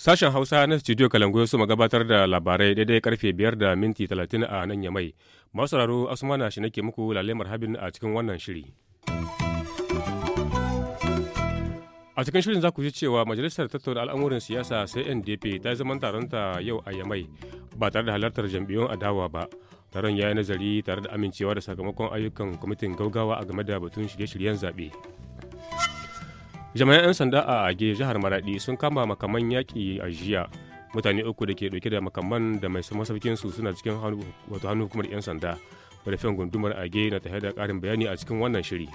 Sashen Hausa na studio Kalangu su gabatar da labarai daidai karfe biyar da minti talatin a nan yamai. Masu sauraro Asmana shi nake muku lalemar habin a cikin wannan shiri. a cikin shirin za ku ji cewa majalisar tattauna al'amuran siyasa sai ndp ta zaman taronta yau a yamai ba tare da halartar jam'iyyun adawa ba taron ya yi nazari tare da amincewa da sakamakon ayyukan kwamitin gaugawa a game da batun shirye-shiryen zaɓe jama'an 'yan sanda a age jihar maraɗi sun kama makaman yaƙi a jiya mutane uku da ke ɗauke da makaman da mai masaukin su suna cikin wato hannun hukumar 'yan sanda madafin gundumar age na tafiya da ƙarin bayani a cikin wannan shiri.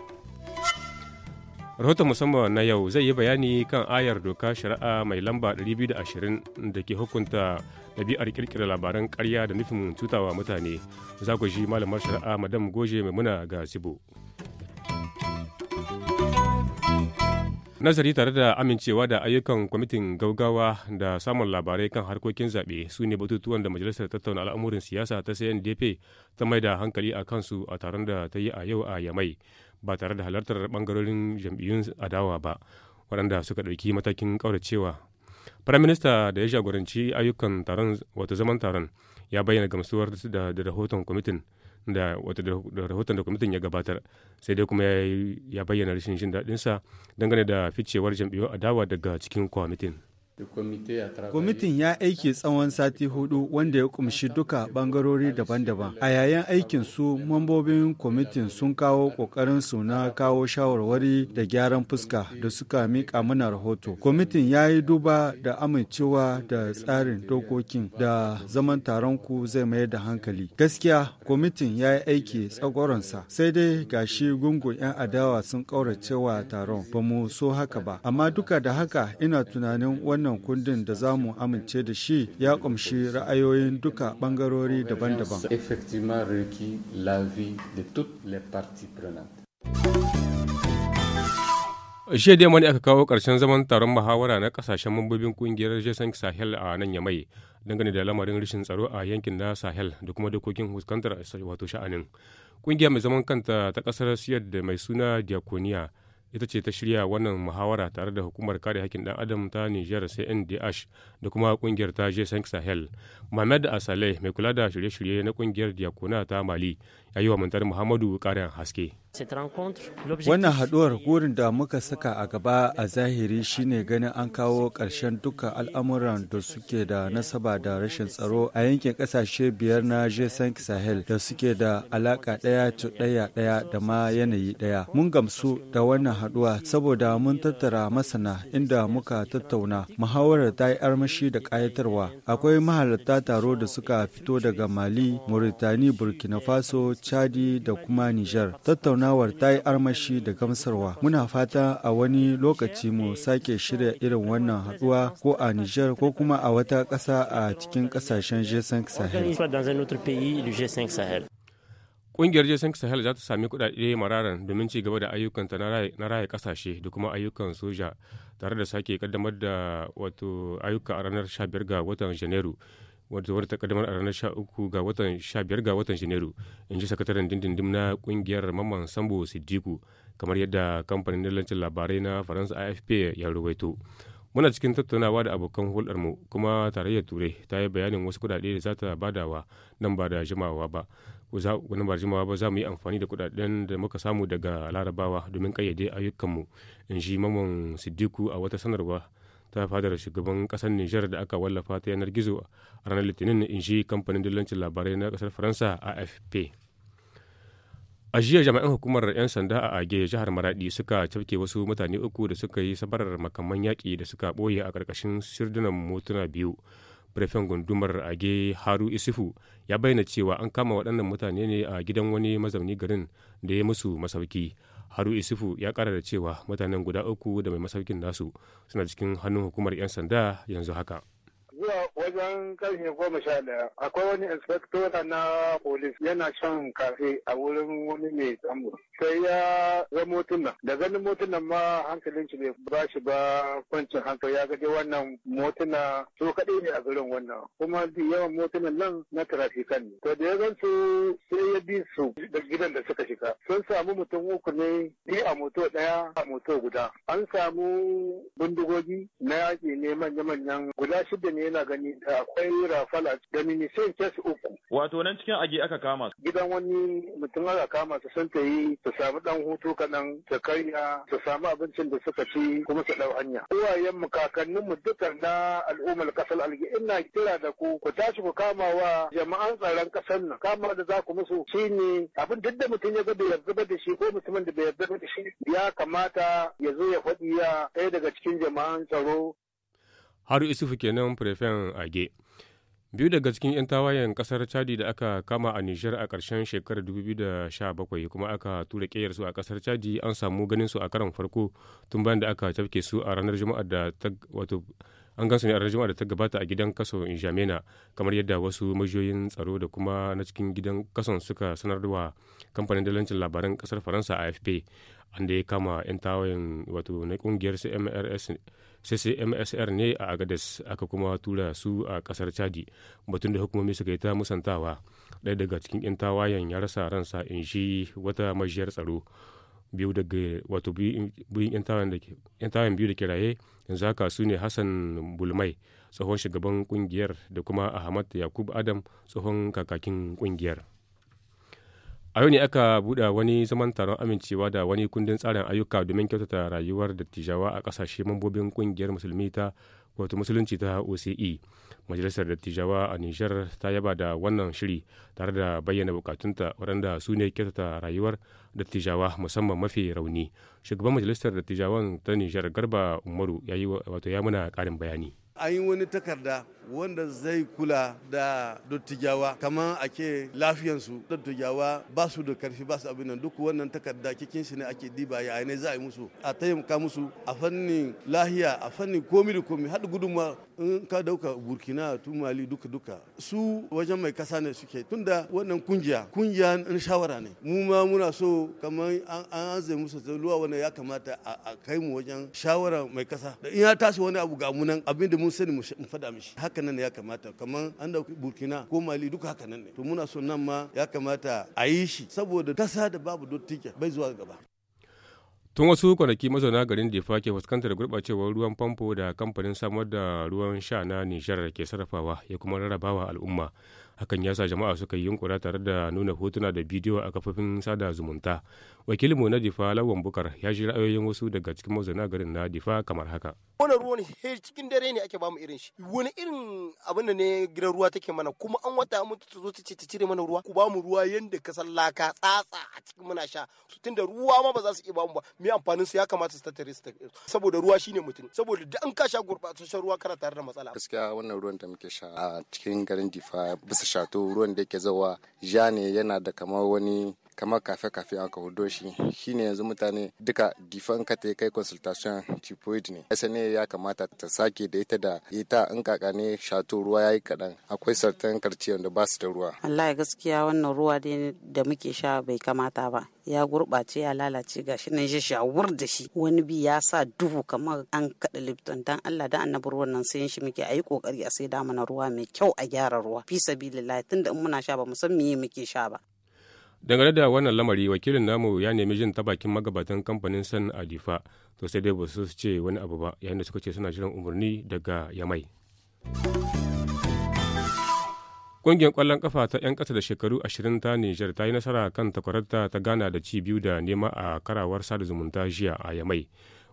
rahoton musamman na yau zai yi bayani kan ayar doka shari'a mai lamba 220 da ke hukunta ɗabi'ar kirkira labaran karya da nufin cutawa mutane za malamar shari'a madam goje mai muna ga sibo nazari tare da amincewa da ayyukan kwamitin gaugawa da samun labarai kan harkokin zaɓe su ne batutuwan da majalisar tattauna al'amurin siyasa ta cndp ta mai da hankali a kansu a taron da ta yi a yau a yamai ba tare da halartar bangarorin jam'iyyun adawa ba waɗanda suka ɗauki matakin ƙauracewa firayim minista da ya jagoranci ayyukan taron wata zaman taron ya bayyana gamsuwar da rahoton kwamitin da wata da rahoton da kwamitin ya gabatar sai dai kuma ya bayyana rashin jin daɗinsa dangane da ficewar jam'iyyun adawa daga cikin kwamitin. Kwamitin ya aiki tsawon sati hudu wanda ya kumshi duka bangarori daban-daban. A yayin aikin su mambobin kwamitin sun kawo kokarin su na kawo shawarwari da gyaran fuska da suka mika mana rahoto. Kwamitin ya yi duba da amincewa da tsarin dokokin da zaman taron ku zai mayar da hankali. Gaskiya kwamitin ya yi aiki tsagoronsa sai dai gashi gungun 'yan adawa sun kauracewa taron ba mu so haka ba. Amma duka da haka ina tunanin wannan wannan kundin da za mu amince da shi ya kumshi ra'ayoyin duka bangarori daban-daban. Jiya dai mani aka kawo ƙarshen zaman taron muhawara na kasashen mambobin ƙungiyar Jason Sahel a nan Yamai dangane da lamarin rashin tsaro a yankin na Sahel da kuma dokokin fuskantar wato sha'anin. Ƙungiya mai zaman kanta ta ƙasar Siyar da mai suna Diakoniya ita ce ta shirya wannan muhawara tare da hukumar kare hakkin ɗan adam ta niger Nijar CNDH da kuma kungiyar ta G5 Sahel. Mohamed Asale mai kula da shirye-shirye na kungiyar Diakona ta Mali ya yi wa Muhammadu ƙarin haske. Wannan haɗuwar gurin da muka saka a gaba a zahiri shine ganin an kawo ƙarshen dukkan al'amuran da suke da nasaba da rashin tsaro a yankin ƙasashe biyar na g Sahel da suke da alaƙa ɗaya to ɗaya ɗaya da ma yanayi ɗaya. Mun gamsu da wannan haɗuwa saboda mun tattara masana inda muka tattauna muhawarar ta yi armashi da ƙayatarwa. Akwai mahalarta taro da suka fito daga Mali, Mauritani, Burkina Faso, Chadi da kuma Nijar. Tattauna tattaunawar ta yi armashi da gamsarwa. Muna fata a wani lokaci mu sake shirya irin wannan haɗuwa ko a niger ko kuma a wata kasa a cikin ƙasashen G5 Sahel. Ƙungiyar Jason Sahel za ta sami kuɗaɗe mararan domin ci gaba da ayyukanta na raye kasashe da kuma ayyukan soja tare da sake kaddamar da wato ayyuka a ranar 15 ga watan Janairu. wadda wadda ta kaddamar a ranar 13 ga watan 15 ga watan Janairu in ji sakataren dindindim na kungiyar Mamman Sambo Siddiku kamar yadda kamfanin dillancin labarai na Faransa AFP ya rubaito Muna cikin tattaunawa da abokan hulɗarmu kuma tarayyar Turai ta yi bayanin wasu kuɗaɗe da za ta badawa nan ba da jimawa ba. Wani ba jimawa ba za mu yi amfani da kuɗaɗen da muka samu daga larabawa domin kayyade ayyukanmu in ji Mamman sidiku a wata sanarwa ta fadar shugaban kasar Nijar da aka wallafa ta yanar gizo a ranar Litinin in ji kamfanin dillancin labarai na kasar Faransa AFP. A jiya jami'an hukumar 'yan sanda a Age jihar Maradi suka cafke wasu mutane uku da suka yi sabarar makaman yaƙi da suka ɓoye a ƙarƙashin sirdunan motuna biyu. Firfen gundumar Age Haru isifu ya bayyana cewa an kama waɗannan mutane ne a gidan wani mazauni garin da ya musu masauki. haru isufu ya kara da cewa mutanen guda uku da mai masaukin nasu suna cikin hannun hukumar 'yan sanda yanzu haka wajen karfe goma sha daya akwai wani inspectora na polis yana shan kafe a wurin wani mai tsamu sai ya ga motuna da ganin motuna ma hankalin shi bai ba shi ba kwancin hankali ya ga wannan motuna So kaɗai ne a garin wannan kuma yawan motunan nan na trafikan ne to da ya gan su sai ya bi su da gidan da suka shiga sun samu mutum uku ne ni a moto ɗaya a moto guda an samu bindigogi na yaƙi ne manya-manyan guda shida ne yana gani Fulani da akwai Rafala da Minisan kes uku. Wato nan cikin aji aka kama su. Gidan wani mutum aka kama su sun ta yi su samu dan hutu kaɗan su karya su samu abincin da suka ci kuma su ɗau hanya. Uwayen mu kakannin mu dukkan na al'ummar kasar alge ina kira da ku ku tashi ku kama wa jama'an tsaron kasar nan kama da za ku musu shine abin duk da mutum ya ga bai yarda da shi ko mutumin da bai yarda da shi ya kamata ya zo ya faɗi ya ɗaya daga cikin jama'an tsaro haru isufu kenan prefen age biyu daga cikin 'yan tawayen kasar chadi da aka kama a nijar a karshen shekarar 2017 kuma aka tura su a kasar chadi an samu ganin su a karon farko tun bayan da aka cafke su a ranar juma'a da ta wato an gansu ne a rajima da ta gabata a gidan kaso Injamena kamar yadda wasu majiyoyin tsaro da kuma na cikin gidan kason suka sanarwa kamfanin dalancin labaran kasar Faransa AFP an da ya kama 'yan tawayen wato na kungiyar CMRS CCMSR ne a agades aka kuma tura su a kasar Chadi batun da hukumomi suka yi ta musantawa ɗaya daga cikin 'yan tawayen ya rasa ransa in shi wata majiyar tsaro biyu daga wato biyun yan tawayen biyu da ke raye yanzu haka su ne hassan bulmai tsohon shugaban kungiyar da kuma ahmad yakub adam tsohon kakakin kungiyar a yau ne aka buɗe wani zaman taron amincewa da wani kundin tsarin ayyuka domin kyautata rayuwar dattijawa a ƙasashe mambobin kungiyar musulmi ta wato musulunci ta oce majalisar dattijawa a nijar ta yaba da wannan shiri tare da bayyana bukatunta waɗanda su ne kyautata rayuwar dattijawa musamman mafi rauni shugaban majalisar dattijawan ta nijar garba umaru ya yi wato ya muna ƙarin bayani an yi wani takarda wanda zai kula da dattijawa kamar a ke lafiyansu dattijawa ba su da karfi ba su abin nan duk wannan takarda kikin shi ne ake diba ya ne za a yi musu a taimaka musu a fannin lahiya a fannin komi da komi haɗa gudunma in ka dauka burkina mali duka duka su wajen mai kasa ne suke tunda wannan kungiya kungiya in shawara ne mu ma muna so kamar an zai musu luwa wanda ya kamata a kai mu wajen shawara mai kasa da in ya tashi wani abu ga munan abin da mun sani mu faɗa mishi haka nan ya kamata kamar an da burkina ko mali duka haka nan ne to muna so nan ma ya kamata a yi shi saboda kasa da babu dottike bai zuwa gaba tun wasu kwanaki mazauna garin defa ke fuskantar gurɓacewar ruwan famfo da kamfanin samar da ruwan sha na nishar ke sarrafawa ya kuma rarrabawa al'umma hakan ya sa jama'a suka yi yunkura tare da nuna hotuna da bidiyo a kafofin sada zumunta wakilin mu na difa lawan bukar ya ji ra'ayoyin wasu daga cikin mazauna garin na difa kamar haka wani ruwan he cikin dare ne ake bamu irin shi wani irin abin ne gidan ruwa take mana kuma an wata mun ta zo ta ce ta cire mana ruwa ku bamu ruwa yanda ka san laka tsatsa a cikin muna sha tunda ruwa ma ba za su iya bamu ba me amfanin su ya kamata su tattare su saboda ruwa shine mutum saboda da an ka sha gurbataccen ruwa kana tare da matsala gaskiya wannan ruwan da muke sha a cikin garin difa su shato ruwan da ke zawa ja ne yana da kamar wani kamar kafe kafe aka hudo shi shine yanzu mutane duka difan ka ta kai consultation typhoid ne sne ya kamata ta sake da ita da ita in kaka ne shato ruwa yayi kaɗan akwai sartan karciyar da ba su da ruwa wallahi gaskiya wannan ruwa da muke sha bai kamata ba ya gurɓace ya lalace ga shi nan shawur da shi wani bi ya sa duhu kamar an kaɗa lipton dan Allah da annabi ruwan nan sayan shi muke yi kokari a sai da mana ruwa mai kyau a gyara ruwa fi sabilillah tunda in muna sha ba mu san meye muke sha ba dangane da wannan lamari wakilin namu ya nemi jin ta bakin magabatan kamfanin san alifa to sai dai ba su ce wani abu ba yayin da suka ce suna jiran umarni daga yamai Ƙungiyar ƙwallon kafa ta 'yan kasa da shekaru 20 ta Nijar ta yi nasara kan takwararta ta gana da ci biyu da nema a karawar sada zumunta jiya a Yamai.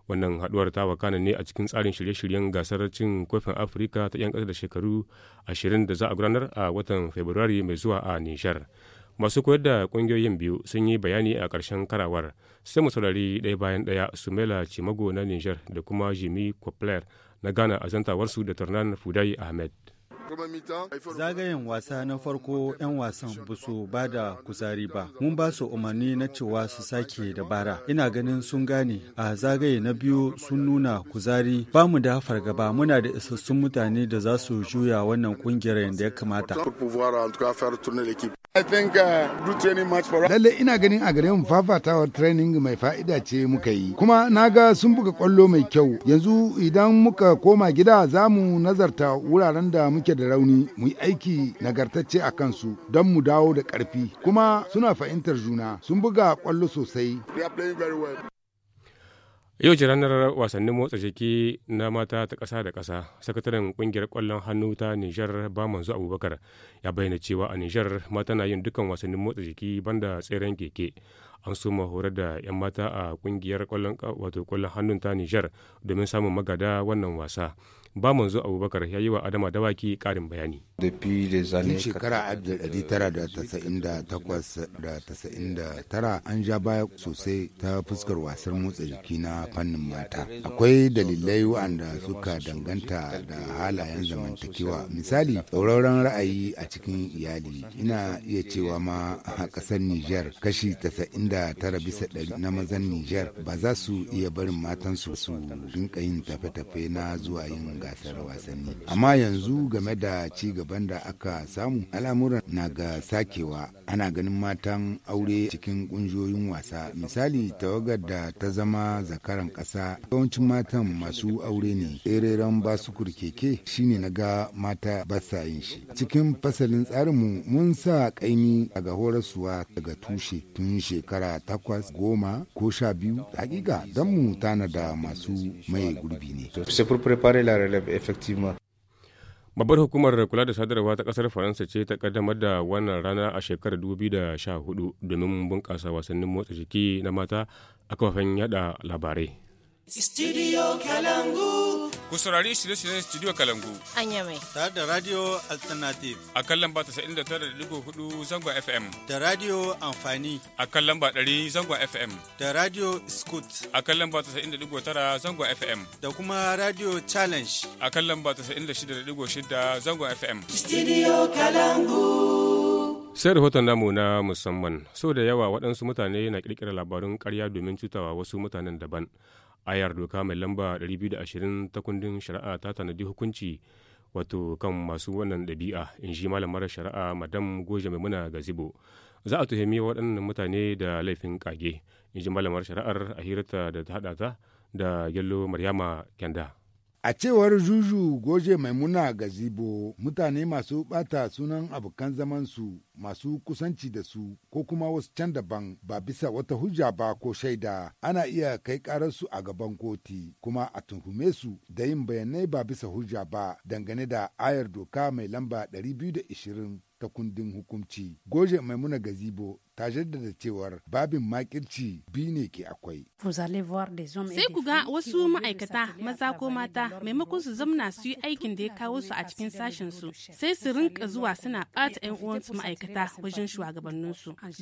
Wannan haduwar ta wakana ne a cikin tsarin shirye-shiryen gasar cin kofin Afirka ta 'yan kasa da shekaru 20 da za a gudanar a watan Fabrairu mai zuwa a Nijar. masu koyar da kungiyoyin biyu sun yi bayani a ƙarshen karawar sai mu saurari ɗaya bayan ɗaya sumela cimago na niger da kuma jimmy kopler na ghana a zantawarsu da tarnan fudai ahmed zagayen wasa na farko 'yan wasan ba ba da kuzari ba mun ba su umarni na cewa su sake dabara ina ganin sun gane a zagaye na biyu sun nuna kuzari ba mu da fargaba muna da isassun mutane da za su juya wannan kungiyar yadda ya kamata Uh, Lalle ina ganin a gare mu fafatawar training mai fa'ida ce muka yi. Kuma na ga sun buga kwallo mai kyau. Yanzu idan muka koma gida za mu nazarta wuraren da muke da rauni mu yi aiki nagartacce a kansu don mu dawo da ƙarfi. Kuma suna fahimtar juna sun buga kwallo sosai. Yau ce ranar wasannin motsa jiki na mata ta kasa da kasa Sakataren ƙungiyar kwallon hannu ta Nijar Bamanzu Abubakar ya bayyana cewa a Nijar mata na yin dukkan wasannin motsa jiki banda tseren keke. An soma horar da 'yan mata a ƙungiyar ƙwallon wato hannun ta Nijar domin samun magada wannan wasa. ba manzo abubakar ya yi wa adama dawaki karin bayani tun shekara da tara an ja baya sosai ta fuskar wasan motsa jiki na fannin mata akwai dalilai waɗanda suka danganta da halayen zamantakewa misali tsauraran ra'ayi a cikin iyali ina iya cewa ma a ƙasar niger kashi da tara bisa ɗari na mazan niger ba za su iya barin matansu su rinka yin tafe-tafe na zuwa yin gasar wasanni amma yanzu game da ci gaban da aka samu al'amuran na ga sakewa ana ganin matan aure cikin ƙungiyoyin wasa misali tawagar da ta zama zaka karan ƙasa yawancin matan masu aure ne ba basukur keke shine na ga mata ba sa yin shi cikin fasalin tsarinmu mun sa ƙaimi daga horaswa daga tushe tun shekara takwas goma ko sha biyu hakika don mu tana da masu maye gurbi ne. babbar hukumar kula da sadarwa ta kasar faransa ce ta kaddamar da wannan rana a shekarar 2014 domin bunƙasa wasannin motsa jiki na mata a kafafen yada labarai studio kalangu Ku saurari shirye-shiryen Studio Kalangu. an yame Tare da Radio Alternative. A kan lamba hudu zangon FM. Da Radio Amfani. A kan lamba 100 zangon FM. Da Radio Scoot. A kan lamba tara zangon FM. Da kuma Radio Challenge. A kan lamba shida zangon FM. Studio Kalangu. sai rahoton namu na musamman sau da yawa waɗansu mutane na ƙirƙirar labarun ƙarya domin cutawa wasu mutanen daban ayar doka mai lamba 220 ta kundin shari'a ta tanadi hukunci wato kan masu wannan ɗabi'a in shi malamar shari'a madam goje ga zibo za a tuhumi waɗannan mutane da laifin kage in ji malamar shari'ar a hirarta da ta haɗa ta da yallo maryama kyanda A cewar Juju Goje Maimuna Gazibo, mutane masu ɓata sunan abokan zamansu masu kusanci da su ko kuma wasu can daban ba bisa wata hujja ba ko shaida ana iya kai ƙararsu a gaban koti kuma a tuhume su da yin bayanai ba bisa hujja ba dangane da ayar doka mai lamba 220 ta kundin hukunci. Goje Maimuna Gazibo ta jaddada cewar babin makirci biyu ne ke akwai. Sai ku ga wasu ma'aikata maza ko mata maimakon su zamna su yi aikin da ya kawo su a cikin sashen su sai su rinka zuwa suna ɓata 'yan uwansu ma'aikata wajen su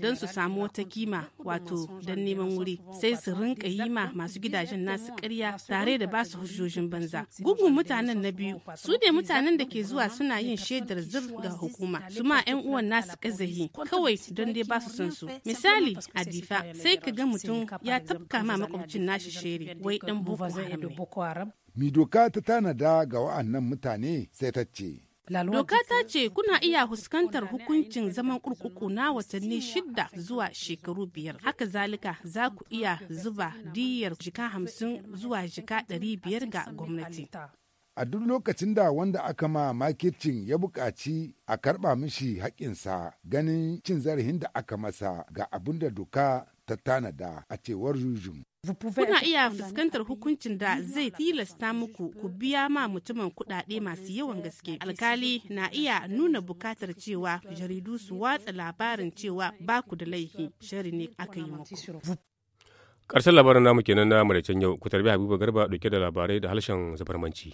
don su samu wata kima wato don neman wuri sai su rinka yi ma masu gidajen nasu karya tare da basu hujjojin banza. Gungun mutanen na biyu su ne mutanen da ke zuwa suna yin shaidar zir ga hukuma su ma 'yan uwan nasu kazahi kawai don dai ba su son su misali a difa sai ka ga mutum ya tafka ma makwabcin nashi shere wai dan boko haram mi doka ta tanada ga wa'annan mutane sai ta ce Doka ta ce kuna iya fuskantar hukuncin zaman kurkuku na watanni shida zuwa shekaru biyar. Haka zalika za ku iya zuba diyar jika hamsin zuwa jika ɗari biyar ga gwamnati. a duk lokacin da wanda aka ma makircin ya bukaci a karɓa mishi haƙƙinsa ganin cin zarafin da aka masa ga abin da doka ta tanada a cewar jujum. Kuna iya fuskantar hukuncin da zai tilasta muku ku biya ma mutumin kuɗaɗe masu yawan gaske. Alkali na iya nuna bukatar cewa jaridu su watsa labarin cewa ba ku da laifi shari ne aka yi muku. Ƙarshen labarin namu kenan na maraicen yau ku tarbi Habibu Garba dauke da labarai da harshen zafarmanci.